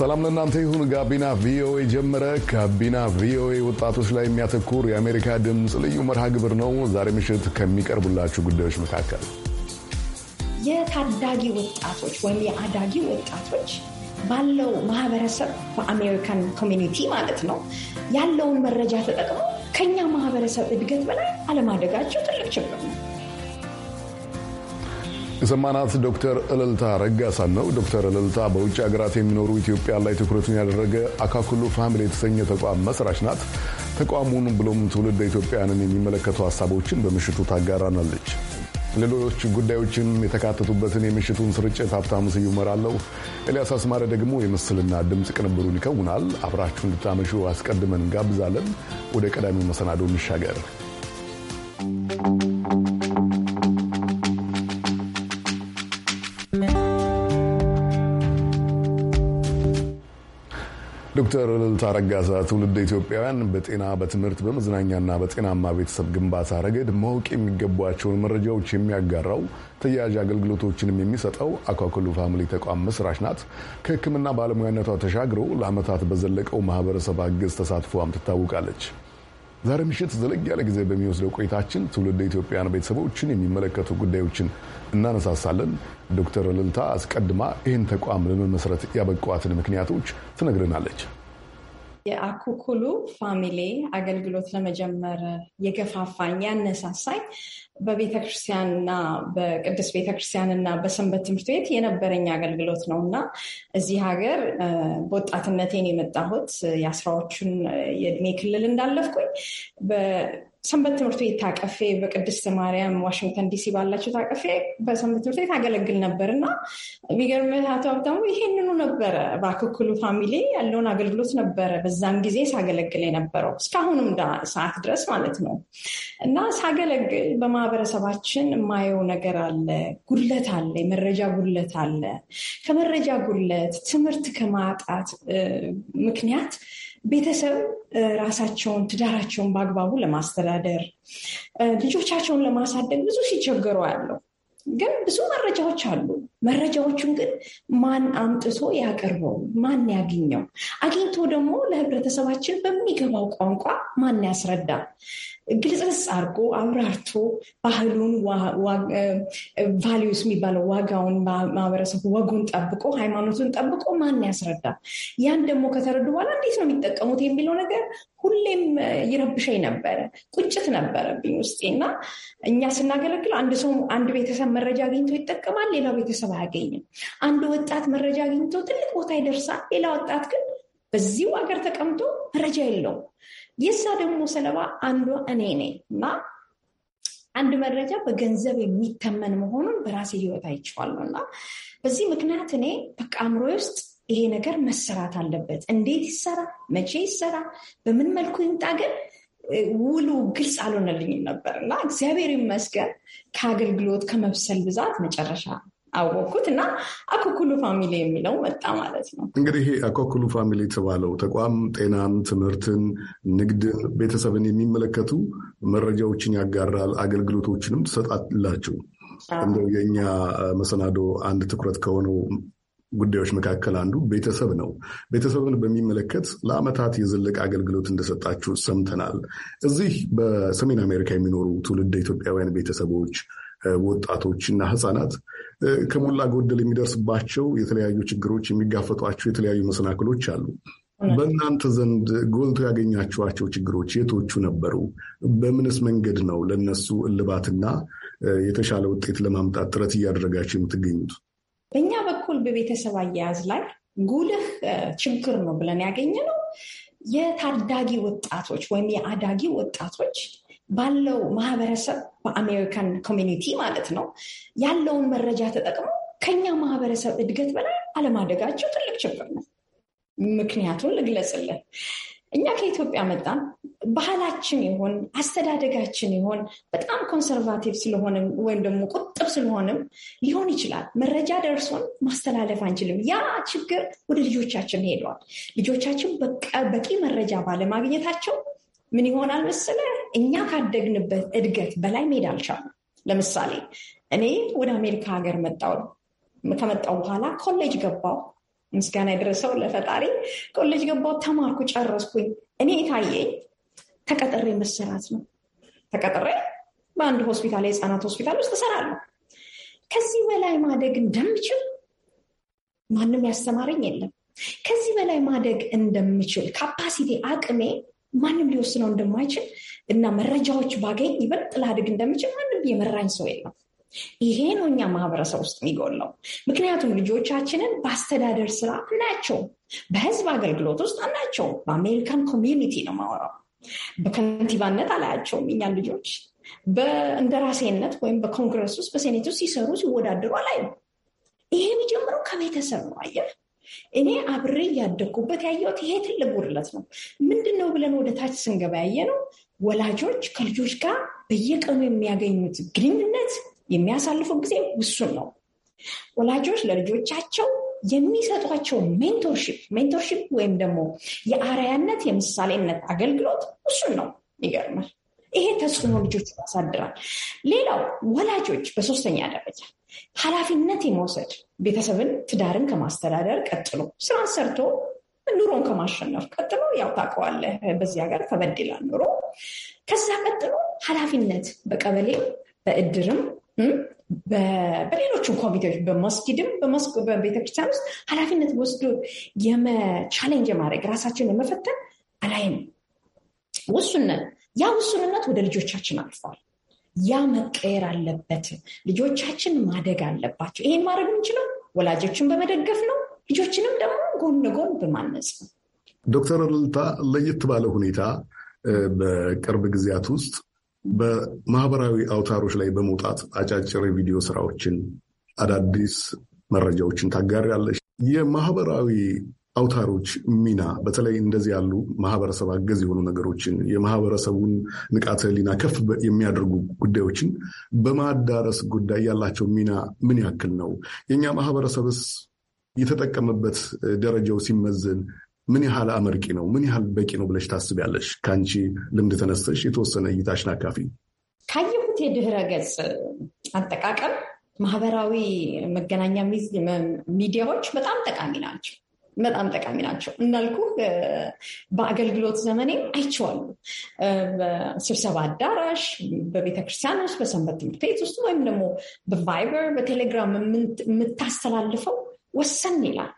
ሰላም ለእናንተ ይሁን። ጋቢና ቪኦኤ ጀመረ። ጋቢና ቪኦኤ ወጣቶች ላይ የሚያተኩር የአሜሪካ ድምፅ ልዩ መርሃ ግብር ነው። ዛሬ ምሽት ከሚቀርቡላችሁ ጉዳዮች መካከል የታዳጊ ወጣቶች ወይም የአዳጊ ወጣቶች ባለው ማህበረሰብ በአሜሪካን ኮሚኒቲ ማለት ነው ያለውን መረጃ ተጠቅመው ከኛ ማህበረሰብ እድገት በላይ አለማደጋቸው ትልቅ ችግር ነው። የሰማናት ዶክተር እልልታ ረጋሳ ነው። ዶክተር እልልታ በውጭ ሀገራት የሚኖሩ ኢትዮጵያ ላይ ትኩረቱን ያደረገ አካክሉ ፋሚሊ የተሰኘ ተቋም መስራች ናት። ተቋሙን ብሎም ትውልድ ኢትዮጵያውያንን የሚመለከቱ ሀሳቦችን በምሽቱ ታጋራናለች። ሌሎች ጉዳዮችም የተካተቱበትን የምሽቱን ስርጭት ሀብታሙ ስዩም እመራለሁ። ኤልያስ አስማረ ደግሞ የምስልና ድምፅ ቅንብሩን ይከውናል። አብራችሁ እንድታመሹ አስቀድመን እንጋብዛለን። ወደ ቀዳሚው መሰናዶ እንሻገር። ዶክተር ልልታ ረጋሳ ትውልድ ኢትዮጵያውያን በጤና በትምህርት፣ በመዝናኛና በጤናማ ቤተሰብ ግንባታ ረገድ ማወቅ የሚገቧቸውን መረጃዎች የሚያጋራው ተያያዥ አገልግሎቶችንም የሚሰጠው አኳክሉ ፋሚሊ ተቋም መስራች ናት። ከሕክምና ባለሙያነቷ ተሻግሮ ለዓመታት በዘለቀው ማህበረሰብ አገዝ ተሳትፏም ትታወቃለች። ዛሬ ምሽት ዘለግ ያለ ጊዜ በሚወስደው ቆይታችን ትውልድ ኢትዮጵያውያን ቤተሰቦችን የሚመለከቱ ጉዳዮችን እናነሳሳለን። ዶክተር ልልታ አስቀድማ ይህን ተቋም ለመመስረት ያበቋትን ምክንያቶች ትነግረናለች። የአኩኩሉ ፋሚሊ አገልግሎት ለመጀመር የገፋፋኝ ያነሳሳኝ በቤተክርስቲያንና በቅዱስ ቤተክርስቲያንና በሰንበት ትምህርት ቤት የነበረኝ አገልግሎት ነው እና እዚህ ሀገር በወጣትነቴን የመጣሁት የአስራዎቹን የእድሜ ክልል እንዳለፍኩኝ ሰንበት ትምህርት ቤት ታቀፌ በቅድስት ማርያም ዋሽንግተን ዲሲ ባላቸው ታቀፌ በሰንበት ትምህርት ቤት አገለግል ነበር እና ቢገርም አቶ ሀብታሙ ይሄንኑ ነበረ በአክክሉ ፋሚሊ ያለውን አገልግሎት ነበረ በዛን ጊዜ ሳገለግል የነበረው እስካሁንም ሰዓት ድረስ ማለት ነው። እና ሳገለግል በማህበረሰባችን የማየው ነገር አለ፣ ጉለት አለ፣ የመረጃ ጉለት አለ። ከመረጃ ጉለት ትምህርት ከማጣት ምክንያት ቤተሰብ ራሳቸውን ትዳራቸውን በአግባቡ ለማስተዳደር ልጆቻቸውን ለማሳደግ ብዙ ሲቸገሩ ያለው ግን ብዙ መረጃዎች አሉ። መረጃዎቹን ግን ማን አምጥቶ ያቀርበው? ማን ያግኘው? አግኝቶ ደግሞ ለህብረተሰባችን በሚገባው ቋንቋ ማን ያስረዳ? ግልጽልጽ አድርጎ አብራርቶ ባህሉን ቫሊዩስ የሚባለው ዋጋውን ማህበረሰቡ ወጉን ጠብቆ ሃይማኖቱን ጠብቆ ማን ያስረዳ? ያን ደግሞ ከተረዱ በኋላ እንዴት ነው የሚጠቀሙት የሚለው ነገር ሁሌም ይረብሸኝ ነበረ። ቁጭት ነበረብኝ ውስጤ እና እኛ ስናገለግል አንድ ሰው አንድ ቤተሰብ መረጃ አግኝቶ ይጠቀማል፣ ሌላው ቤተሰብ ማህበረሰብ አያገኝም። አንድ ወጣት መረጃ አግኝቶ ትልቅ ቦታ ይደርሳል። ሌላ ወጣት ግን በዚሁ ሀገር ተቀምጦ መረጃ የለውም። የሳ ደግሞ ሰለባ አንዷ እኔ ነኝ እና አንድ መረጃ በገንዘብ የሚተመን መሆኑን በራሴ ህይወት አይቼዋለሁ እና በዚህ ምክንያት እኔ በቃ አእምሮዬ ውስጥ ይሄ ነገር መሰራት አለበት። እንዴት ይሰራ፣ መቼ ይሰራ፣ በምን መልኩ ይምጣ ግን ውሉ ግልጽ አልሆነልኝም ነበር እና እግዚአብሔር ይመስገን ከአገልግሎት ከመብሰል ብዛት መጨረሻ አወቅኩት እና አኮኩሉ ፋሚሊ የሚለው መጣ ማለት ነው። እንግዲህ አኮኩሉ ፋሚሊ የተባለው ተቋም ጤናን፣ ትምህርትን፣ ንግድን፣ ቤተሰብን የሚመለከቱ መረጃዎችን ያጋራል፣ አገልግሎቶችንም ትሰጣላችሁ። እንደው የእኛ መሰናዶ አንድ ትኩረት ከሆነው ጉዳዮች መካከል አንዱ ቤተሰብ ነው። ቤተሰብን በሚመለከት ለአመታት የዘለቀ አገልግሎት እንደሰጣችሁ ሰምተናል። እዚህ በሰሜን አሜሪካ የሚኖሩ ትውልድ ኢትዮጵያውያን ቤተሰቦች፣ ወጣቶች እና ህፃናት። ከሞላ ጎደል የሚደርስባቸው የተለያዩ ችግሮች፣ የሚጋፈጧቸው የተለያዩ መሰናክሎች አሉ። በእናንተ ዘንድ ጎልቶ ያገኛችኋቸው ችግሮች የቶቹ ነበሩ? በምንስ መንገድ ነው ለነሱ እልባትና የተሻለ ውጤት ለማምጣት ጥረት እያደረጋችሁ የምትገኙት? በእኛ በኩል በቤተሰብ አያያዝ ላይ ጉልህ ችግር ነው ብለን ያገኘ ነው የታዳጊ ወጣቶች ወይም የአዳጊ ወጣቶች ባለው ማህበረሰብ በአሜሪካን ኮሚኒቲ ማለት ነው ያለውን መረጃ ተጠቅመው ከኛ ማህበረሰብ እድገት በላይ አለማደጋቸው ትልቅ ችግር ነው። ምክንያቱን ልግለጽልን። እኛ ከኢትዮጵያ መጣን። ባህላችን ይሆን አስተዳደጋችን ይሆን በጣም ኮንሰርቫቲቭ ስለሆንም ወይም ደግሞ ቁጥብ ስለሆንም ሊሆን ይችላል። መረጃ ደርሶን ማስተላለፍ አንችልም። ያ ችግር ወደ ልጆቻችን ሄደዋል። ልጆቻችን በቂ መረጃ ባለማግኘታቸው ምን ይሆናል መሰለህ እኛ ካደግንበት እድገት በላይ መሄድ አልቻሉም። ለምሳሌ እኔ ወደ አሜሪካ ሀገር መጣው ከመጣው በኋላ ኮሌጅ ገባው ምስጋና የደረሰው ለፈጣሪ። ኮሌጅ ገባው ተማርኩ፣ ጨረስኩኝ። እኔ የታየኝ ተቀጥሬ መሰራት ነው። ተቀጥሬ በአንድ ሆስፒታል፣ የህፃናት ሆስፒታል ውስጥ እሰራለሁ። ከዚህ በላይ ማደግ እንደምችል ማንም ያስተማረኝ የለም። ከዚህ በላይ ማደግ እንደምችል ካፓሲቲ አቅሜ ማንም ሊወስነው እንደማይችል እና መረጃዎች ባገኝ ይበልጥ ላድግ እንደምችል ማንም የመራኝ ሰው የለም። ይሄ ነው እኛ ማህበረሰብ ውስጥ የሚጎለው። ምክንያቱም ልጆቻችንን በአስተዳደር ስራ አናያቸውም፣ በህዝብ አገልግሎት ውስጥ አናያቸውም። በአሜሪካን ኮሚዩኒቲ ነው ማወራው። በከንቲባነት አላያቸውም እኛን ልጆች በእንደራሴነት ወይም በኮንግረስ ውስጥ በሴኔት ውስጥ ሲሰሩ ሲወዳደሩ አላይም። ይሄ የሚጀምረው ከቤተሰብ ነው። አየህ እኔ አብሬ እያደግኩበት ያየሁት ይሄ ትልቅ ጉድለት ነው። ምንድን ነው ብለን ወደ ታች ስንገባ ያየ ነው ወላጆች ከልጆች ጋር በየቀኑ የሚያገኙት ግንኙነት የሚያሳልፈው ጊዜ ውሱን ነው። ወላጆች ለልጆቻቸው የሚሰጧቸው ሜንቶርሺፕ ሜንቶርሺፕ ወይም ደግሞ የአርያነት የምሳሌነት አገልግሎት ውሱን ነው። ይገርማል። ይሄ ተጽዕኖ ልጆች ያሳድራል። ሌላው ወላጆች በሶስተኛ ደረጃ ኃላፊነት የመውሰድ ቤተሰብን፣ ትዳርን ከማስተዳደር ቀጥሎ ስራን ሰርቶ ኑሮን ከማሸነፍ ቀጥሎ ያው ታውቀዋለህ፣ በዚህ ሀገር ኑሮ። ከዛ ቀጥሎ ኃላፊነት በቀበሌ በእድርም በሌሎችም ኮሚቴዎች በመስጊድም በቤተክርስቲያን ውስጥ ኃላፊነት ወስዶ የመቻሌንጅ የማድረግ ራሳችን የመፈተን አላይም ውሱነት ያ ውሱንነት ወደ ልጆቻችን አልፏል። ያ መቀየር አለበት። ልጆቻችን ማደግ አለባቸው። ይሄን ማድረግ የምንችለው ወላጆችን በመደገፍ ነው። ልጆችንም ደግሞ ጎን ለጎን በማነጽ ነው። ዶክተር ልልታ ለየት ባለ ሁኔታ በቅርብ ጊዜያት ውስጥ በማህበራዊ አውታሮች ላይ በመውጣት አጫጭር የቪዲዮ ስራዎችን፣ አዳዲስ መረጃዎችን ታጋሪያለች። የማህበራዊ አውታሮች ሚና በተለይ እንደዚህ ያሉ ማህበረሰብ አገዝ የሆኑ ነገሮችን የማህበረሰቡን ንቃተ ሕሊና ከፍ የሚያደርጉ ጉዳዮችን በማዳረስ ጉዳይ ያላቸው ሚና ምን ያክል ነው? የእኛ ማህበረሰብስ የተጠቀመበት ደረጃው ሲመዘን ምን ያህል አመርቂ ነው? ምን ያህል በቂ ነው ብለሽ ታስቢያለሽ? ከአንቺ ልምድ ተነስተሽ የተወሰነ እይታሽን አካፊ። ካየሁት የድህረ ገጽ አጠቃቀም ማህበራዊ መገናኛ ሚዲያዎች በጣም ጠቃሚ ናቸው። በጣም ጠቃሚ ናቸው። እንዳልኩ በአገልግሎት ዘመኔ አይቼዋለሁ። ስብሰባ አዳራሽ፣ በቤተክርስቲያን ውስጥ፣ በሰንበት ትምህርት ቤት ውስጥ ወይም ደግሞ በቫይበር በቴሌግራም የምታስተላልፈው ወሰን ይላል።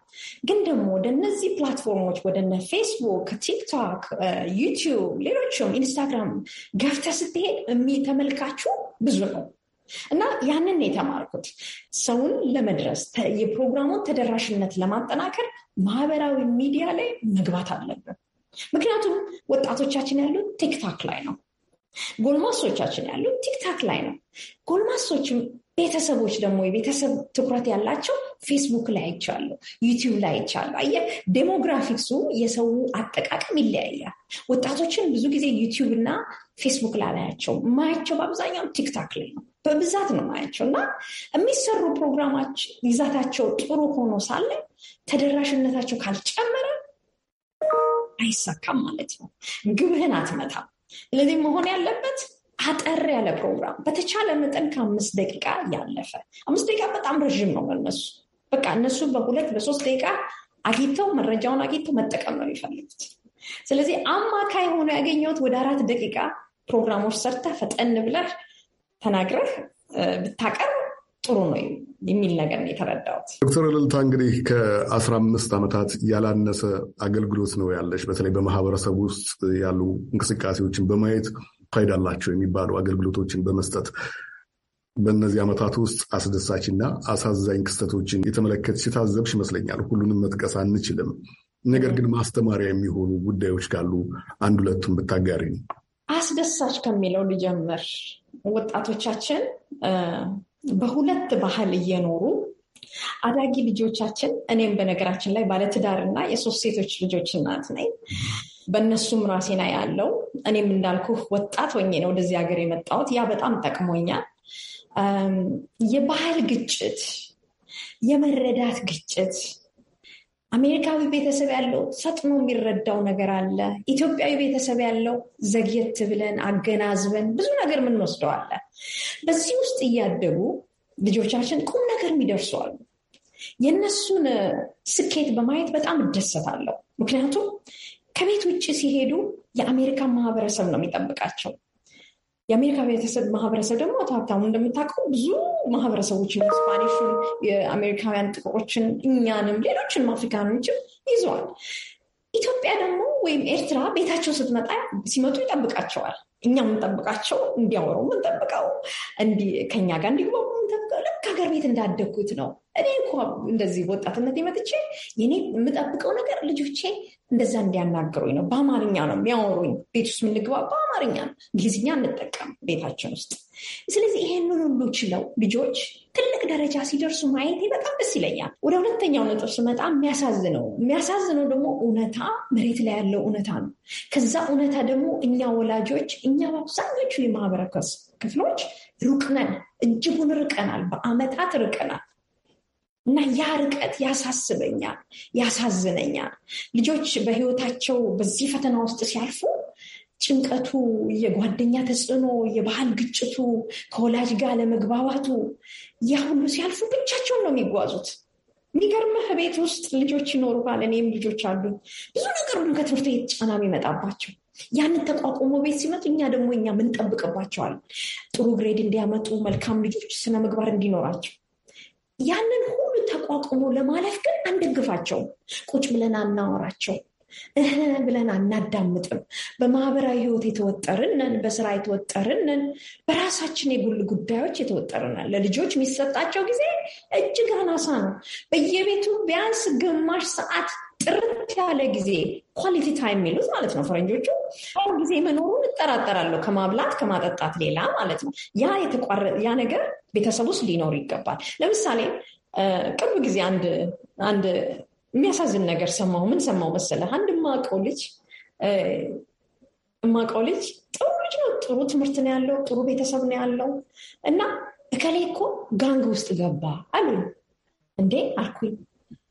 ግን ደግሞ ወደ እነዚህ ፕላትፎርሞች ወደነ ፌስቡክ፣ ቲክቶክ፣ ዩቲዩብ፣ ሌሎችም ኢንስታግራም ገፍተ ስትሄድ የሚተመልካችሁ ብዙ ነው እና ያንን የተማርኩት ሰውን ለመድረስ የፕሮግራሙን ተደራሽነት ለማጠናከር ማህበራዊ ሚዲያ ላይ መግባት አለብን። ምክንያቱም ወጣቶቻችን ያሉት ቲክታክ ላይ ነው። ጎልማሶቻችን ያሉት ቲክታክ ላይ ነው። ጎልማሶችም ቤተሰቦች ደግሞ የቤተሰብ ትኩረት ያላቸው ፌስቡክ ላይ አይቻሉ፣ ዩቲዩብ ላይ አይቻሉ። አየህ ዴሞግራፊክሱ የሰው አጠቃቀም ይለያያል። ወጣቶችን ብዙ ጊዜ ዩቲዩብ እና ፌስቡክ ላይ ላያቸው ማያቸው በአብዛኛው ቲክታክ ላይ ነው በብዛት ነው ማያቸው እና የሚሰሩ ፕሮግራማች ይዛታቸው ጥሩ ሆኖ ሳለ ተደራሽነታቸው ካልጨመረ አይሳካም ማለት ነው። ግብህን አትመታም። ስለዚህ መሆን ያለበት አጠር ያለ ፕሮግራም በተቻለ መጠን ከአምስት ደቂቃ ያለፈ። አምስት ደቂቃ በጣም ረዥም ነው ለነሱ። በቃ እነሱ በሁለት በሶስት ደቂቃ አግኝተው መረጃውን አግኝተው መጠቀም ነው የሚፈልጉት። ስለዚህ አማካይ ሆኖ ያገኘሁት ወደ አራት ደቂቃ ፕሮግራሞች ሰርተህ ፈጠን ብለህ ተናግረህ ብታቀር ጥሩ ነው የሚል ነገር ነው የተረዳሁት። ዶክተር እልልታ እንግዲህ ከአስራ አምስት ዓመታት ያላነሰ አገልግሎት ነው ያለች። በተለይ በማህበረሰብ ውስጥ ያሉ እንቅስቃሴዎችን በማየት ፋይዳ አላቸው የሚባሉ አገልግሎቶችን በመስጠት በእነዚህ ዓመታት ውስጥ አስደሳችና አሳዛኝ ክስተቶችን የተመለከትሽ የታዘብሽ ይመስለኛል። ሁሉንም መጥቀስ አንችልም። ነገር ግን ማስተማሪያ የሚሆኑ ጉዳዮች ካሉ አንድ ሁለቱም ብታጋሪ ነው። አስደሳች ከሚለው ልጀምር። ወጣቶቻችን በሁለት ባህል እየኖሩ አዳጊ ልጆቻችን እኔም በነገራችን ላይ ባለትዳርና የሶስት ሴቶች ልጆች እናት ነኝ። በእነሱም ራሴና ያለው እኔም እንዳልኩ ወጣት ሆኜ ነው ወደዚህ ሀገር የመጣሁት። ያ በጣም ጠቅሞኛል። የባህል ግጭት፣ የመረዳት ግጭት አሜሪካዊ ቤተሰብ ያለው ሰጥሞ የሚረዳው ነገር አለ። ኢትዮጵያዊ ቤተሰብ ያለው ዘግየት ብለን አገናዝበን ብዙ ነገር አለ። በዚህ ውስጥ እያደጉ ልጆቻችን ቁም ነገር አሉ። የእነሱን ስኬት በማየት በጣም እደሰታለሁ። ምክንያቱም ከቤት ውጭ ሲሄዱ የአሜሪካን ማህበረሰብ ነው የሚጠብቃቸው። የአሜሪካ ቤተሰብ ማህበረሰብ ደግሞ አቶ ሀብታሙ እንደምታውቀው ብዙ ማህበረሰቦችን ስፓኒሽን፣ የአሜሪካውያን ጥቁሮችን፣ እኛንም ሌሎችንም አፍሪካኖችም ይዘዋል። ኢትዮጵያ ደግሞ ወይም ኤርትራ ቤታቸው ስትመጣ ሲመጡ ይጠብቃቸዋል። እኛ የምንጠብቃቸው እንዲያወሩ የምንጠብቀው ከኛ ጋር እንዲግባቡ የምንጠብቀው ልክ ሀገር ቤት እንዳደግኩት ነው። እኔ እኮ እንደዚህ ወጣትነት መጥቼ የኔ የምጠብቀው ነገር ልጆቼ እንደዛ እንዲያናግሩኝ ነው። በአማርኛ ነው የሚያወሩኝ። ቤት ውስጥ የምንግባ በአማርኛ ነው፣ እንግሊዝኛ እንጠቀም ቤታችን ውስጥ። ስለዚህ ይሄንን ሁሉ ችለው ልጆች ትልቅ ደረጃ ሲደርሱ ማየቴ በጣም ደስ ይለኛል። ወደ ሁለተኛው ነጥብ ስመጣ የሚያሳዝነው የሚያሳዝነው ደግሞ እውነታ መሬት ላይ ያለው እውነታ ነው። ከዛ እውነታ ደግሞ እኛ ወላጆች እኛ በአብዛኞቹ የማህበረሰብ ክፍሎች ሩቅነን እጅጉን ርቀናል። በአመታት ርቀናል። እና ያ ርቀት ያሳስበኛል፣ ያሳዝነኛል። ልጆች በህይወታቸው በዚህ ፈተና ውስጥ ሲያልፉ ጭንቀቱ፣ የጓደኛ ተጽዕኖ፣ የባህል ግጭቱ፣ ከወላጅ ጋር ለመግባባቱ ያ ሁሉ ሲያልፉ ብቻቸውን ነው የሚጓዙት። የሚገርምህ ቤት ውስጥ ልጆች ይኖሩሃል። እኔም ልጆች አሉ። ብዙ ነገር ሁሉ ከትምህርት ቤት ጫና የሚመጣባቸው ያንን ተቋቁሞ ቤት ሲመጡ እኛ ደግሞ እኛ ምንጠብቅባቸዋል ጥሩ ግሬድ እንዲያመጡ፣ መልካም ልጆች ስነ ምግባር እንዲኖራቸው ያንን ሁሉ ተቋቁሞ ለማለፍ ግን አንደግፋቸውም። ቁጭ ብለን አናወራቸው እህ ብለን አናዳምጥም። በማህበራዊ ህይወት የተወጠርንን፣ በስራ የተወጠርንን በራሳችን የጉል ጉዳዮች የተወጠርናል። ለልጆች የሚሰጣቸው ጊዜ እጅግ አናሳ ነው። በየቤቱ ቢያንስ ግማሽ ሰዓት ጥርት ያለ ጊዜ ኳሊቲ ታይም የሚሉት ማለት ነው ፈረንጆቹ። አሁን ጊዜ መኖሩን እጠራጠራለሁ ከማብላት ከማጠጣት ሌላ ማለት ነው። ያ የተቋረ ያ ነገር ቤተሰብ ውስጥ ሊኖር ይገባል። ለምሳሌ ቅርብ ጊዜ አንድ አንድ የሚያሳዝን ነገር ሰማሁ። ምን ሰማሁ መሰለህ? አንድ የማውቀው ልጅ የማውቀው ልጅ ጥሩ ልጅ ነው፣ ጥሩ ትምህርት ነው ያለው፣ ጥሩ ቤተሰብ ነው ያለው እና እከሌ እኮ ጋንግ ውስጥ ገባ አሉ። እንዴ አልኩኝ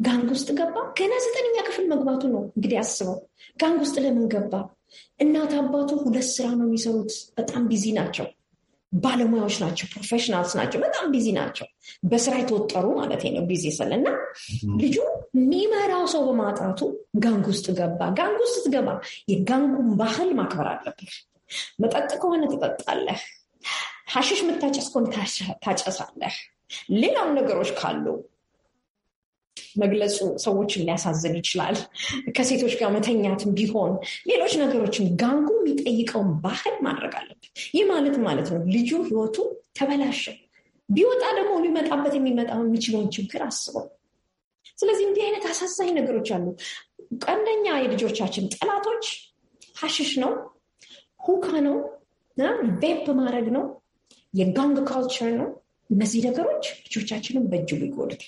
ጋንግ ውስጥ ገባ። ገና ዘጠነኛ ክፍል መግባቱ ነው እንግዲህ አስበው። ጋንግ ውስጥ ለምን ገባ? እናት አባቱ ሁለት ስራ ነው የሚሰሩት። በጣም ቢዚ ናቸው። ባለሙያዎች ናቸው። ፕሮፌሽናልስ ናቸው። በጣም ቢዚ ናቸው። በስራ የተወጠሩ ማለት ነው። ቢዚ ስል እና ልጁ የሚመራው ሰው በማጣቱ ጋንግ ውስጥ ገባ። ጋንግ ውስጥ ስትገባ የጋንጉን ባህል ማክበር አለብህ። መጠጥ ከሆነ ትጠጣለህ። ሀሽሽ የምታጨስ ከሆነ ታጨሳለህ። ሌላም ነገሮች ካሉ መግለጹ ሰዎችን ሊያሳዝን ይችላል። ከሴቶች ጋር መተኛትም ቢሆን ሌሎች ነገሮችን ጋንጉ የሚጠይቀውን ባህል ማድረግ አለብ ይህ ማለት ማለት ነው ልጁ ህይወቱ ተበላሸ ቢወጣ ደግሞ ሊመጣበት የሚመጣው የሚችለውን ችግር አስበው። ስለዚህ እንዲህ አይነት አሳዛኝ ነገሮች አሉ። ቀንደኛ የልጆቻችን ጠላቶች ሀሽሽ ነው፣ ሁካ ነው፣ ቬፕ ማድረግ ነው፣ የጋንግ ካልቸር ነው። እነዚህ ነገሮች ልጆቻችንን በእጅጉ ይጎዱታል።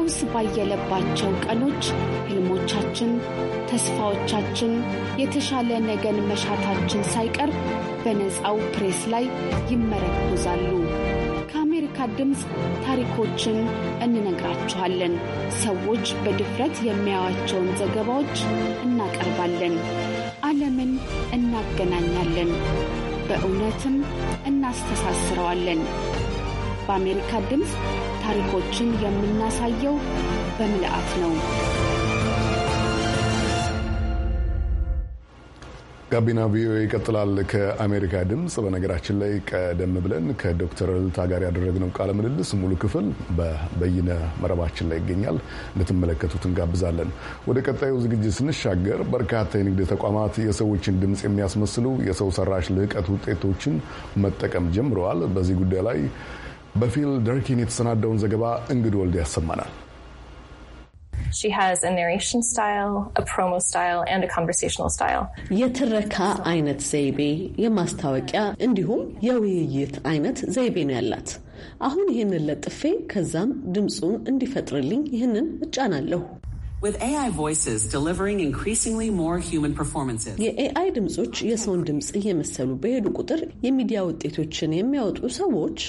ቀውስ ባየለባቸው ቀኖች ህልሞቻችን፣ ተስፋዎቻችን፣ የተሻለ ነገን መሻታችን ሳይቀር በነፃው ፕሬስ ላይ ይመረኮዛሉ። ከአሜሪካ ድምፅ ታሪኮችን እንነግራችኋለን። ሰዎች በድፍረት የሚያዩአቸውን ዘገባዎች እናቀርባለን። ዓለምን እናገናኛለን፣ በእውነትም እናስተሳስረዋለን። በአሜሪካ ድምፅ ታሪኮችን የምናሳየው በምልአት ነው። ጋቢና ቪኦኤ ይቀጥላል። ከአሜሪካ ድምፅ። በነገራችን ላይ ቀደም ብለን ከዶክተር ልታ ጋር ያደረግነው ቃለ ምልልስ ሙሉ ክፍል በበይነ መረባችን ላይ ይገኛል። እንድትመለከቱት እንጋብዛለን። ወደ ቀጣዩ ዝግጅት ስንሻገር በርካታ የንግድ ተቋማት የሰዎችን ድምፅ የሚያስመስሉ የሰው ሰራሽ ልህቀት ውጤቶችን መጠቀም ጀምረዋል። በዚህ ጉዳይ ላይ በፊል ደርኪን የተሰናደውን ዘገባ እንግድ ወልድ ያሰማናል። የትረካ አይነት ዘይቤ፣ የማስታወቂያ እንዲሁም የውይይት አይነት ዘይቤ ነው ያላት። አሁን ይህንን ለጥፌ ከዛም ድምፁን እንዲፈጥርልኝ ይህንን እጫናለሁ። የኤአይ ድምፆች የሰውን ድምፅ እየመሰሉ በሄዱ ቁጥር የሚዲያ ውጤቶችን የሚያወጡ ሰዎች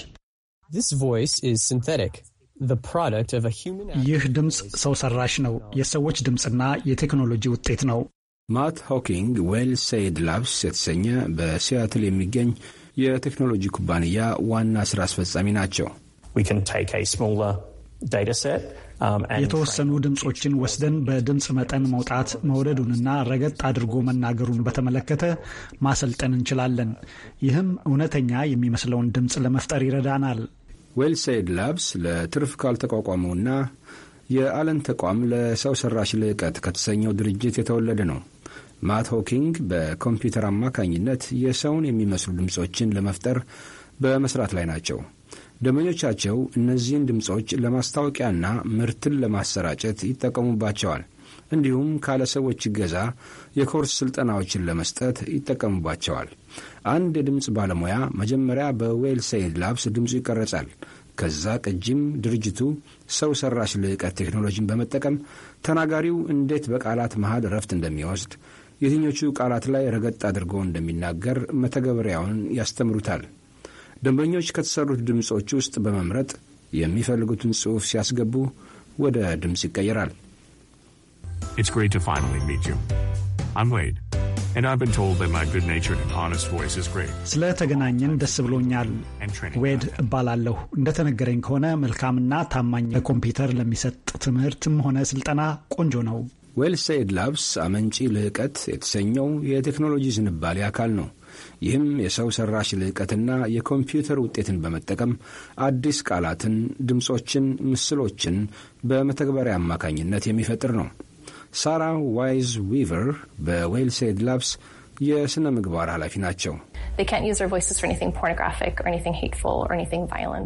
ይህ ድምፅ ሰው ሰራሽ ነው። የሰዎች ድምፅና የቴክኖሎጂ ውጤት ነው። ማት ሆኪንግ ዌል ሴይድ ላብስ የተሰኘ በሲያትል የሚገኝ የቴክኖሎጂ ኩባንያ ዋና ሥራ አስፈጻሚ ናቸው። um, የተወሰኑ ድምፆችን ወስደን በድምፅ መጠን መውጣት መውረዱንና ረገጥ አድርጎ መናገሩን በተመለከተ ማሰልጠን እንችላለን። ይህም እውነተኛ የሚመስለውን ድምፅ ለመፍጠር ይረዳናል። ዌልሳይድ ላብስ ለትርፍ ካልተቋቋመውና የአለን ተቋም ለሰው ሰራሽ ልዕቀት ከተሰኘው ድርጅት የተወለደ ነው። ማት ሆኪንግ በኮምፒውተር አማካኝነት የሰውን የሚመስሉ ድምፆችን ለመፍጠር በመስራት ላይ ናቸው። ደንበኞቻቸው እነዚህን ድምፆች ለማስታወቂያና ምርትን ለማሰራጨት ይጠቀሙባቸዋል። እንዲሁም ካለ ሰዎች እገዛ የኮርስ ስልጠናዎችን ለመስጠት ይጠቀሙባቸዋል። አንድ የድምፅ ባለሙያ መጀመሪያ በዌልሴይድ ላብስ ድምፁ ይቀረጻል። ከዛ ቅጂም ድርጅቱ ሰው ሰራሽ ልዕቀት ቴክኖሎጂን በመጠቀም ተናጋሪው እንዴት በቃላት መሃል እረፍት እንደሚወስድ፣ የትኞቹ ቃላት ላይ ረገጥ አድርጎ እንደሚናገር መተግበሪያውን ያስተምሩታል። ደንበኞች ከተሰሩት ድምፆች ውስጥ በመምረጥ የሚፈልጉትን ጽሑፍ ሲያስገቡ ወደ ድምፅ ይቀየራል። It's great to finally meet you. I'm Wade. And I've been told that my good and honest voice is great. ስለተገናኘን ደስ ብሎኛል። ዌድ እባላለሁ። እንደተነገረኝ ከሆነ መልካምና ታማኝ ለኮምፒውተር ለሚሰጥ ትምህርትም ሆነ ስልጠና ቆንጆ ነው። ዌልሰድ ላብስ አመንጪ ልዕቀት የተሰኘው የቴክኖሎጂ ዝንባሌ አካል ነው። ይህም የሰው ሰራሽ ልህቀትና የኮምፒውተር ውጤትን በመጠቀም አዲስ ቃላትን፣ ድምፆችን፣ ምስሎችን በመተግበሪያ አማካኝነት የሚፈጥር ነው። ሳራ ዋይዝ ዊቨር በዌልስ ኤድ ላብስ የሥነ ምግባር ኃላፊ ናቸው።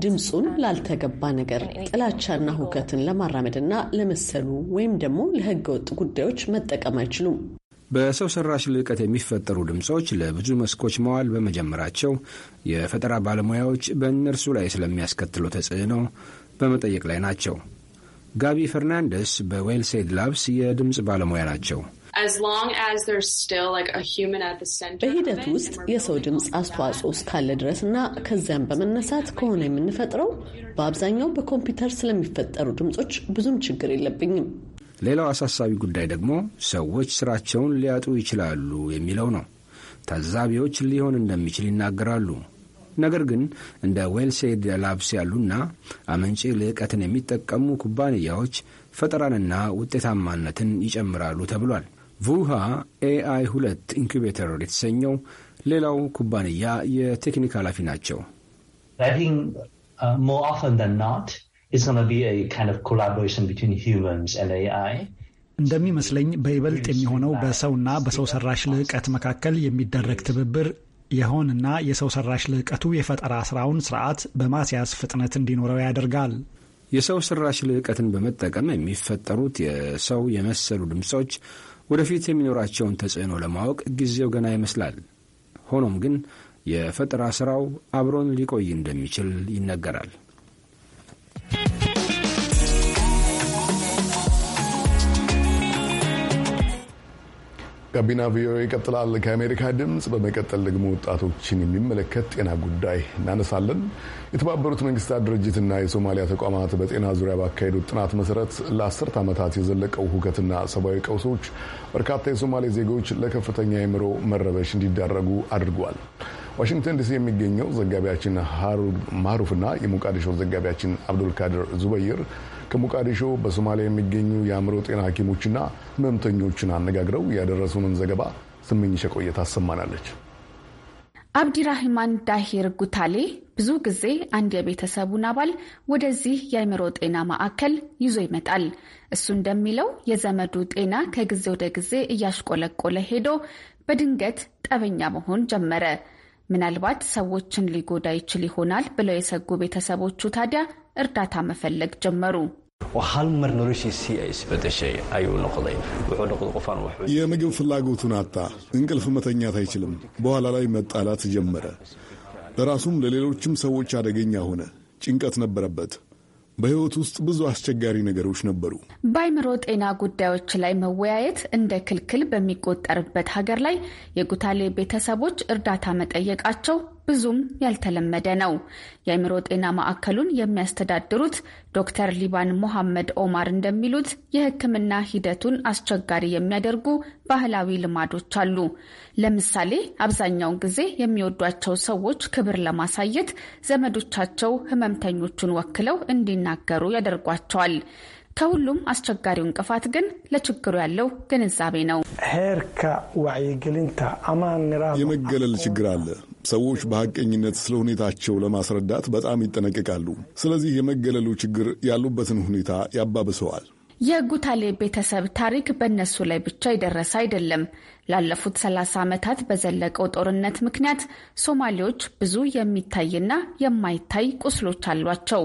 ድምፁን ላልተገባ ነገር ጥላቻና ሁከትን ለማራመድና ለመሰሉ ወይም ደግሞ ለህገወጥ ወጥ ጉዳዮች መጠቀም አይችሉም። በሰው ሰራሽ ልዕቀት የሚፈጠሩ ድምፆች ለብዙ መስኮች መዋል በመጀመራቸው የፈጠራ ባለሙያዎች በእነርሱ ላይ ስለሚያስከትለው ተጽዕኖ በመጠየቅ ላይ ናቸው። ጋቢ ፈርናንደስ በዌልሴድ ላብስ የድምፅ ባለሙያ ናቸው። በሂደት ውስጥ የሰው ድምፅ አስተዋጽኦ እስካለ ድረስ እና ከዚያም በመነሳት ከሆነ የምንፈጥረው በአብዛኛው በኮምፒውተር ስለሚፈጠሩ ድምፆች ብዙም ችግር የለብኝም። ሌላው አሳሳቢ ጉዳይ ደግሞ ሰዎች ስራቸውን ሊያጡ ይችላሉ የሚለው ነው። ታዛቢዎች ሊሆን እንደሚችል ይናገራሉ። ነገር ግን እንደ ዌልሴድ ላብስ ያሉና አመንጪ ልዕቀትን የሚጠቀሙ ኩባንያዎች ፈጠራንና ውጤታማነትን ይጨምራሉ ተብሏል። ቡሃ ኤአይ ሁለት ኢንኩቤተር የተሰኘው ሌላው ኩባንያ የቴክኒክ ኃላፊ ናቸው። uh, እንደሚመስለኝ በይበልጥ የሚሆነው በሰውና በሰው ሰራሽ ልዕቀት መካከል የሚደረግ ትብብር የሆንና የሰው ሰራሽ ልዕቀቱ የፈጠራ ስራውን ስርዓት በማስያዝ ፍጥነት እንዲኖረው ያደርጋል። የሰው ሰራሽ ልዕቀትን በመጠቀም የሚፈጠሩት የሰው የመሰሉ ድምፆች ወደፊት የሚኖራቸውን ተጽዕኖ ለማወቅ ጊዜው ገና ይመስላል። ሆኖም ግን የፈጠራ ስራው አብሮን ሊቆይ እንደሚችል ይነገራል። ጋቢና ቪኦኤ ይቀጥላል። ከአሜሪካ ድምፅ በመቀጠል ደግሞ ወጣቶችን የሚመለከት ጤና ጉዳይ እናነሳለን። የተባበሩት መንግስታት ድርጅትና የሶማሊያ ተቋማት በጤና ዙሪያ ባካሄዱት ጥናት መሰረት ለአስርት ዓመታት የዘለቀው ሁከትና ሰብአዊ ቀውሶች በርካታ የሶማሌ ዜጎች ለከፍተኛ የአእምሮ መረበሽ እንዲዳረጉ አድርጓል። ዋሽንግተን ዲሲ የሚገኘው ዘጋቢያችን ሃሩድ ማሩፍና የሞቃዲሾ ዘጋቢያችን አብዱልካድር ዙበይር ከሞቃዲሾ በሶማሊያ የሚገኙ የአእምሮ ጤና ሐኪሞችና ህመምተኞችን አነጋግረው ያደረሱንን ዘገባ ስምኝሸ ቆየት አሰማናለች። አብዲራህማን ዳሂር ጉታሌ ብዙ ጊዜ አንድ የቤተሰቡን አባል ወደዚህ የአእምሮ ጤና ማዕከል ይዞ ይመጣል። እሱ እንደሚለው የዘመዱ ጤና ከጊዜ ወደ ጊዜ እያሽቆለቆለ ሄዶ በድንገት ጠበኛ መሆን ጀመረ። ምናልባት ሰዎችን ሊጎዳ ይችል ይሆናል ብለው የሰጉ ቤተሰቦቹ ታዲያ እርዳታ መፈለግ ጀመሩ። hal mar noloshiisii ay isbedeshay ayuu noqday የምግብ ፍላጎቱን አጣ። እንቅልፍ መተኛት አይችልም። በኋላ ላይ መጣላት ጀመረ። ለራሱም ለሌሎችም ሰዎች አደገኛ ሆነ። ጭንቀት ነበረበት። በሕይወት ውስጥ ብዙ አስቸጋሪ ነገሮች ነበሩ። በአይምሮ ጤና ጉዳዮች ላይ መወያየት እንደ ክልክል በሚቆጠርበት ሀገር ላይ የጉታሌ ቤተሰቦች እርዳታ መጠየቃቸው ብዙም ያልተለመደ ነው። የአእምሮ ጤና ማዕከሉን የሚያስተዳድሩት ዶክተር ሊባን ሞሐመድ ኦማር እንደሚሉት የሕክምና ሂደቱን አስቸጋሪ የሚያደርጉ ባህላዊ ልማዶች አሉ። ለምሳሌ አብዛኛውን ጊዜ የሚወዷቸው ሰዎች ክብር ለማሳየት ዘመዶቻቸው ህመምተኞቹን ወክለው እንዲናገሩ ያደርጓቸዋል። ከሁሉም አስቸጋሪው እንቅፋት ግን ለችግሩ ያለው ግንዛቤ ነው። ሄርካ ዋይግልንታ አማንራ የመገለል ችግር አለ። ሰዎች በሐቀኝነት ስለ ሁኔታቸው ለማስረዳት በጣም ይጠነቀቃሉ። ስለዚህ የመገለሉ ችግር ያሉበትን ሁኔታ ያባብሰዋል። የጉታሌ ቤተሰብ ታሪክ በእነሱ ላይ ብቻ የደረሰ አይደለም። ላለፉት 30 ዓመታት በዘለቀው ጦርነት ምክንያት ሶማሌዎች ብዙ የሚታይና የማይታይ ቁስሎች አሏቸው።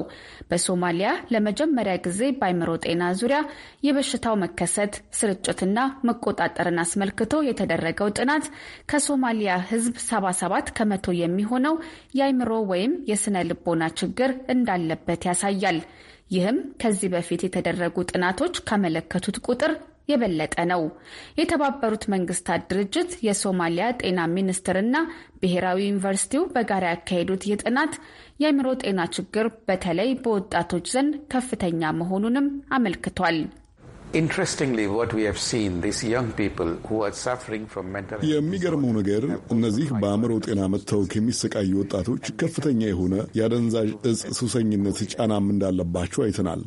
በሶማሊያ ለመጀመሪያ ጊዜ በአይምሮ ጤና ዙሪያ የበሽታው መከሰት ስርጭትና መቆጣጠርን አስመልክቶ የተደረገው ጥናት ከሶማሊያ ሕዝብ 77 ከመቶ የሚሆነው የአይምሮ ወይም የስነ ልቦና ችግር እንዳለበት ያሳያል። ይህም ከዚህ በፊት የተደረጉ ጥናቶች ካመለከቱት ቁጥር የበለጠ ነው። የተባበሩት መንግስታት ድርጅት የሶማሊያ ጤና ሚኒስትርና ብሔራዊ ዩኒቨርሲቲው በጋራ ያካሄዱት ይህ ጥናት የአእምሮ ጤና ችግር በተለይ በወጣቶች ዘንድ ከፍተኛ መሆኑንም አመልክቷል። የሚገርመው ነገር እነዚህ በአእምሮ ጤና መጥተው ከሚሰቃዩ ወጣቶች ከፍተኛ የሆነ የአደንዛዥ እጽ ሱሰኝነት ጫናም እንዳለባቸው አይተናል።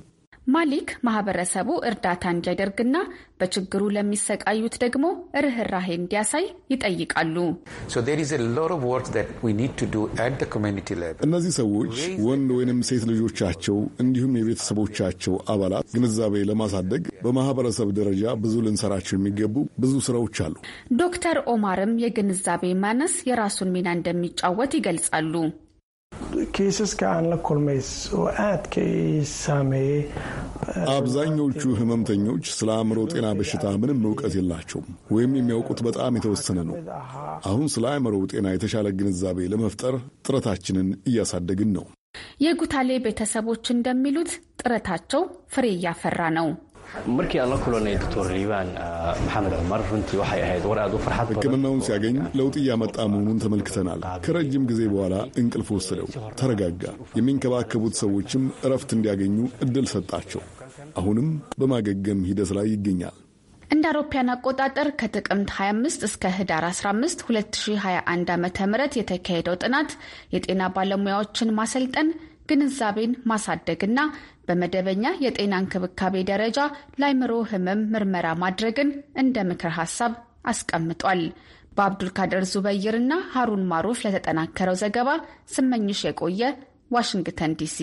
ማሊክ ማህበረሰቡ እርዳታ እንዲያደርግና በችግሩ ለሚሰቃዩት ደግሞ ርኅራሄ እንዲያሳይ ይጠይቃሉ። እነዚህ ሰዎች ወንድ ወይንም ሴት ልጆቻቸው እንዲሁም የቤተሰቦቻቸው አባላት ግንዛቤ ለማሳደግ በማህበረሰብ ደረጃ ብዙ ልንሰራቸው የሚገቡ ብዙ ስራዎች አሉ። ዶክተር ኦማርም የግንዛቤ ማነስ የራሱን ሚና እንደሚጫወት ይገልጻሉ። ኬይስስካ አን la kulmay ከሳሜ አብዛኞቹ ህመምተኞች ስለ አእምሮ ጤና በሽታ ምንም እውቀት የላቸውም ወይም የሚያውቁት በጣም የተወሰነ ነው። አሁን ስለ አእምሮ ጤና የተሻለ ግንዛቤ ለመፍጠር ጥረታችንን እያሳደግን ነው። የጉታሌ ቤተሰቦች እንደሚሉት ጥረታቸው ፍሬ እያፈራ ነው። markii aan la kulanay doctor liibaan maxamed cumar runtii waxay ahayd war aad u farxad ሕክምናውን ሲያገኝ ለውጥ እያመጣ መሆኑን ተመልክተናል። ከረጅም ጊዜ በኋላ እንቅልፍ ወሰደው፣ ተረጋጋ። የሚንከባከቡት ሰዎችም እረፍት እንዲያገኙ እድል ሰጣቸው። አሁንም በማገገም ሂደት ላይ ይገኛል። እንደ አውሮፓያን አቆጣጠር ከጥቅምት 25 እስከ ህዳር 15 2021 ዓ ም የተካሄደው ጥናት የጤና ባለሙያዎችን ማሰልጠን ግንዛቤን ማሳደግና በመደበኛ የጤና እንክብካቤ ደረጃ ለአይምሮ ህመም ምርመራ ማድረግን እንደ ምክር ሀሳብ አስቀምጧል። በአብዱልካደር ና ሀሩን ማሩፍ ለተጠናከረው ዘገባ ስመኝሽ የቆየ ዋሽንግተን ዲሲ።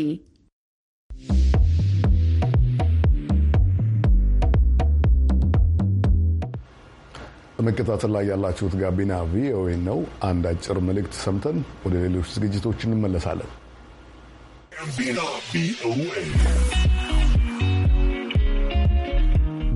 በመከታተል ላይ ያላችሁት ጋቢና ቪኦኤ ነው። አንድ አጭር መልእክት ሰምተን ወደ ሌሎች ዝግጅቶች እንመለሳለን።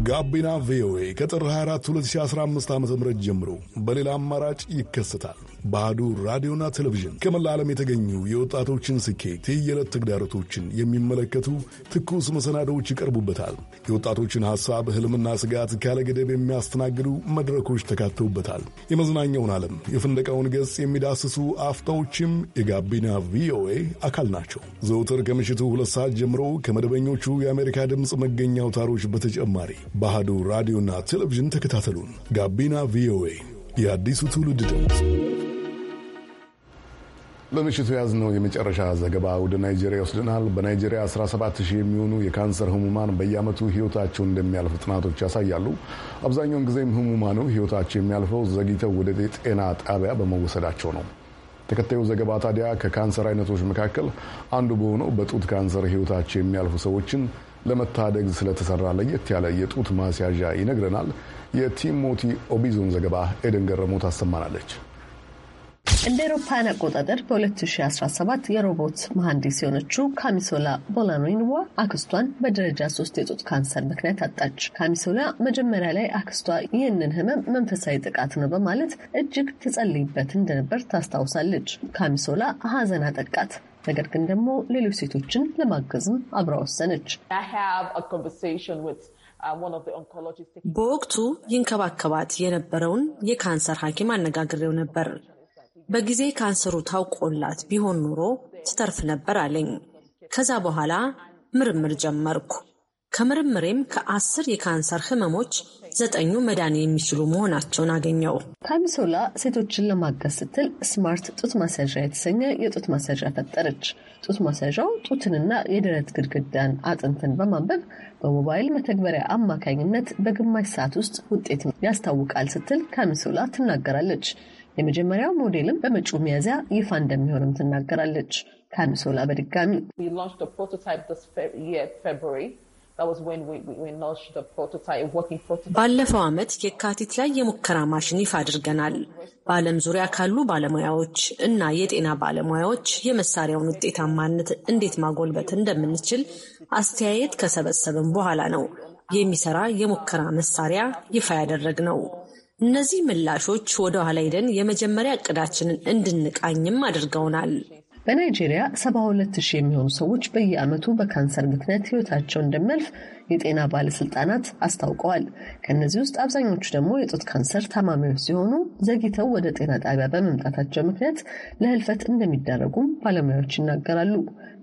ጋቢና ቪኦኤ ከጥር 24 2015 ዓ ም ጀምሮ በሌላ አማራጭ ይከሰታል። ባህዱ ራዲዮና ቴሌቪዥን ከመላ ዓለም የተገኙ የወጣቶችን ስኬት፣ የየዕለት ተግዳሮቶችን የሚመለከቱ ትኩስ መሰናዶዎች ይቀርቡበታል። የወጣቶችን ሐሳብ፣ ሕልምና ስጋት ካለገደብ የሚያስተናግዱ መድረኮች ተካተውበታል። የመዝናኛውን ዓለም፣ የፍንደቃውን ገጽ የሚዳስሱ አፍታዎችም የጋቢና ቪኦኤ አካል ናቸው። ዘውትር ከምሽቱ ሁለት ሰዓት ጀምሮ ከመደበኞቹ የአሜሪካ ድምፅ መገኛ አውታሮች በተጨማሪ ባህዱ ራዲዮና ቴሌቪዥን ተከታተሉን። ጋቢና ቪኦኤ የአዲሱ ትውልድ ድምፅ በምሽቱ የያዝነው የመጨረሻ ዘገባ ወደ ናይጄሪያ ይወስድናል። በናይጄሪያ 17 ሺህ የሚሆኑ የካንሰር ህሙማን በየዓመቱ ህይወታቸው እንደሚያልፍ ጥናቶች ያሳያሉ። አብዛኛውን ጊዜም ህሙማኑ ህይወታቸው የሚያልፈው ዘግይተው ወደ ጤና ጣቢያ በመወሰዳቸው ነው። ተከታዩ ዘገባ ታዲያ ከካንሰር አይነቶች መካከል አንዱ በሆነው በጡት ካንሰር ህይወታቸው የሚያልፉ ሰዎችን ለመታደግ ስለተሰራ ለየት ያለ የጡት ማስያዣ ይነግረናል። የቲሞቲ ኦቢዞን ዘገባ ኤደን ገረሞ ታሰማናለች። እንደ ኤሮፓያን አቆጣጠር በ2017 የሮቦት መሐንዲስ የሆነችው ካሚሶላ ቦላኖንዋ አክስቷን በደረጃ ሶስት የጡት ካንሰር ምክንያት አጣች። ካሚሶላ መጀመሪያ ላይ አክስቷ ይህንን ህመም መንፈሳዊ ጥቃት ነው በማለት እጅግ ትጸልይበት እንደነበር ታስታውሳለች። ካሚሶላ ሀዘን አጠቃት። ነገር ግን ደግሞ ሌሎች ሴቶችን ለማገዝም አብራ ወሰነች። uh, በወቅቱ ይንከባከባት የነበረውን የካንሰር ሐኪም አነጋግሬው ነበር። በጊዜ ካንሰሩ ታውቆላት ቢሆን ኑሮ ትተርፍ ነበር አለኝ። ከዛ በኋላ ምርምር ጀመርኩ። ከምርምሬም ከአስር የካንሰር ህመሞች ዘጠኙ መዳን የሚችሉ መሆናቸውን አገኘው። ታሚሶላ ሴቶችን ለማገዝ ስትል ስማርት ጡት ማሰዣ የተሰኘ የጡት ማሰዣ ፈጠረች። ጡት ማሰዣው ጡትንና የደረት ግድግዳን አጥንትን በማንበብ በሞባይል መተግበሪያ አማካኝነት በግማሽ ሰዓት ውስጥ ውጤት ያስታውቃል ስትል ካሚሶላ ትናገራለች። የመጀመሪያው ሞዴልም በመጪው ሚያዝያ ይፋ እንደሚሆንም ትናገራለች። ከአንሶላ በድጋሚ ባለፈው ዓመት የካቲት ላይ የሙከራ ማሽን ይፋ አድርገናል። በዓለም ዙሪያ ካሉ ባለሙያዎች እና የጤና ባለሙያዎች የመሳሪያውን ውጤታማነት እንዴት ማጎልበት እንደምንችል አስተያየት ከሰበሰብን በኋላ ነው የሚሰራ የሙከራ መሳሪያ ይፋ ያደረግነው። እነዚህ ምላሾች ወደ ኋላ ሄደን የመጀመሪያ እቅዳችንን እንድንቃኝም አድርገውናል። በናይጄሪያ 72 ሺህ የሚሆኑ ሰዎች በየዓመቱ በካንሰር ምክንያት ህይወታቸው እንደሚያልፍ የጤና ባለስልጣናት አስታውቀዋል። ከእነዚህ ውስጥ አብዛኞቹ ደግሞ የጡት ካንሰር ታማሚዎች ሲሆኑ ዘግይተው ወደ ጤና ጣቢያ በመምጣታቸው ምክንያት ለህልፈት እንደሚደረጉም ባለሙያዎች ይናገራሉ።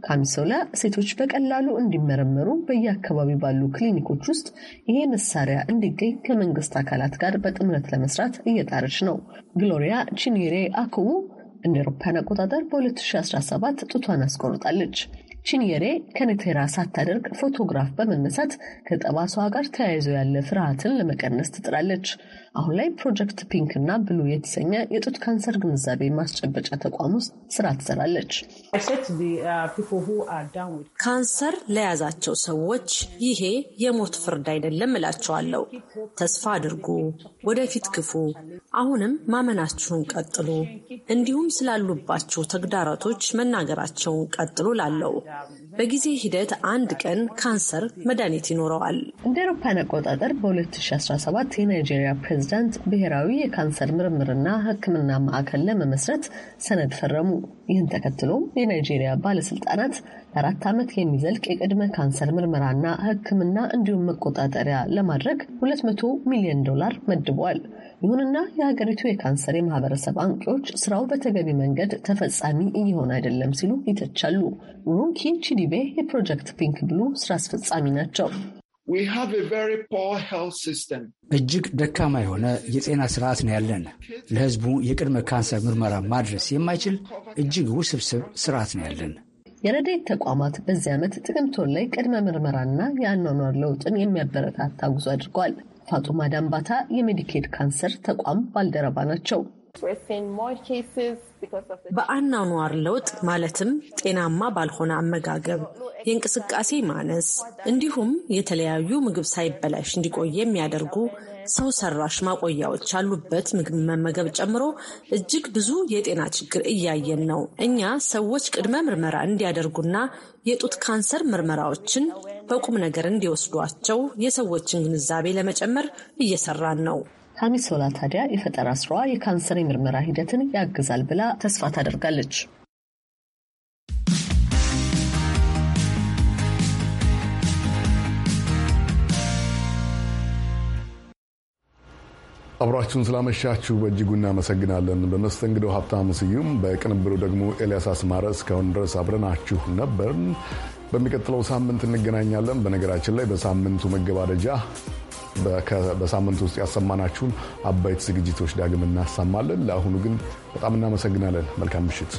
ካሚሶላ ሴቶች በቀላሉ እንዲመረመሩ በየአካባቢው ባሉ ክሊኒኮች ውስጥ ይሄ መሳሪያ እንዲገኝ ከመንግስት አካላት ጋር በጥምረት ለመስራት እየጣረች ነው። ግሎሪያ ቺኒሬ አኩቡ እንደ አውሮፓውያን አቆጣጠር በ2017 ጡቷን አስቆርጣለች። ቺኒሬ ከነቴራ ሳታደርግ ፎቶግራፍ በመነሳት ከጠባሷ ጋር ተያይዞ ያለ ፍርሃትን ለመቀነስ ትጥራለች። አሁን ላይ ፕሮጀክት ፒንክ እና ብሉ የተሰኘ የጡት ካንሰር ግንዛቤ ማስጨበጫ ተቋም ውስጥ ስራ ትሰራለች። ካንሰር ለያዛቸው ሰዎች ይሄ የሞት ፍርድ አይደለም እላቸዋለሁ። ተስፋ አድርጉ፣ ወደፊት ክፉ፣ አሁንም ማመናችሁን ቀጥሉ፣ እንዲሁም ስላሉባቸው ተግዳሮቶች መናገራቸውን ቀጥሉ ላለው በጊዜ ሂደት አንድ ቀን ካንሰር መድኃኒት ይኖረዋል። እንደ አውሮፓን አቆጣጠር በ2017 የናይጄሪያ ፕሬዚዳንት ብሔራዊ የካንሰር ምርምርና ሕክምና ማዕከል ለመመስረት ሰነድ ፈረሙ። ይህን ተከትሎም የናይጄሪያ ባለስልጣናት ለአራት ዓመት የሚዘልቅ የቅድመ ካንሰር ምርመራና ሕክምና እንዲሁም መቆጣጠሪያ ለማድረግ 200 ሚሊዮን ዶላር መድቧል። ይሁንና የሀገሪቱ የካንሰር የማህበረሰብ አንቂዎች ስራው በተገቢ መንገድ ተፈጻሚ እየሆነ አይደለም ሲሉ ይተቻሉ። ሩንኪ ቺዲቤ የፕሮጀክት ፒንክ ብሉ ስራ አስፈጻሚ ናቸው። እጅግ ደካማ የሆነ የጤና ስርዓት ነው ያለን። ለህዝቡ የቅድመ ካንሰር ምርመራ ማድረስ የማይችል እጅግ ውስብስብ ስርዓት ነው ያለን። የረድኤት ተቋማት በዚህ ዓመት ጥቅምት ወር ላይ ቅድመ ምርመራና የአኗኗር ለውጥን የሚያበረታታ ጉዞ አድርገዋል። ፋጡማ ዳንባታ የሜዲኬድ ካንሰር ተቋም ባልደረባ ናቸው። በአኗኗር ለውጥ ማለትም ጤናማ ባልሆነ አመጋገብ፣ የእንቅስቃሴ ማነስ እንዲሁም የተለያዩ ምግብ ሳይበላሽ እንዲቆይ የሚያደርጉ ሰው ሰራሽ ማቆያዎች ያሉበት ምግብ መመገብ ጨምሮ እጅግ ብዙ የጤና ችግር እያየን ነው። እኛ ሰዎች ቅድመ ምርመራ እንዲያደርጉና የጡት ካንሰር ምርመራዎችን በቁም ነገር እንዲወስዷቸው የሰዎችን ግንዛቤ ለመጨመር እየሰራን ነው። ካሚሶላ ታዲያ የፈጠራ ስራዋ የካንሰር የምርመራ ሂደትን ያግዛል ብላ ተስፋ ታደርጋለች። አብራችሁን ስላመሻችሁ በእጅጉ እናመሰግናለን። በመስተንግዶ ሀብታሙ ስዩም፣ በቅንብሩ ደግሞ ኤልያስ አስማረ። እስካሁን ድረስ አብረናችሁ ነበርን። በሚቀጥለው ሳምንት እንገናኛለን። በነገራችን ላይ በሳምንቱ መገባደጃ በሳምንት ውስጥ ያሰማናችሁን አበይት ዝግጅቶች ዳግም እናሰማለን። ለአሁኑ ግን በጣም እናመሰግናለን። መልካም ምሽት።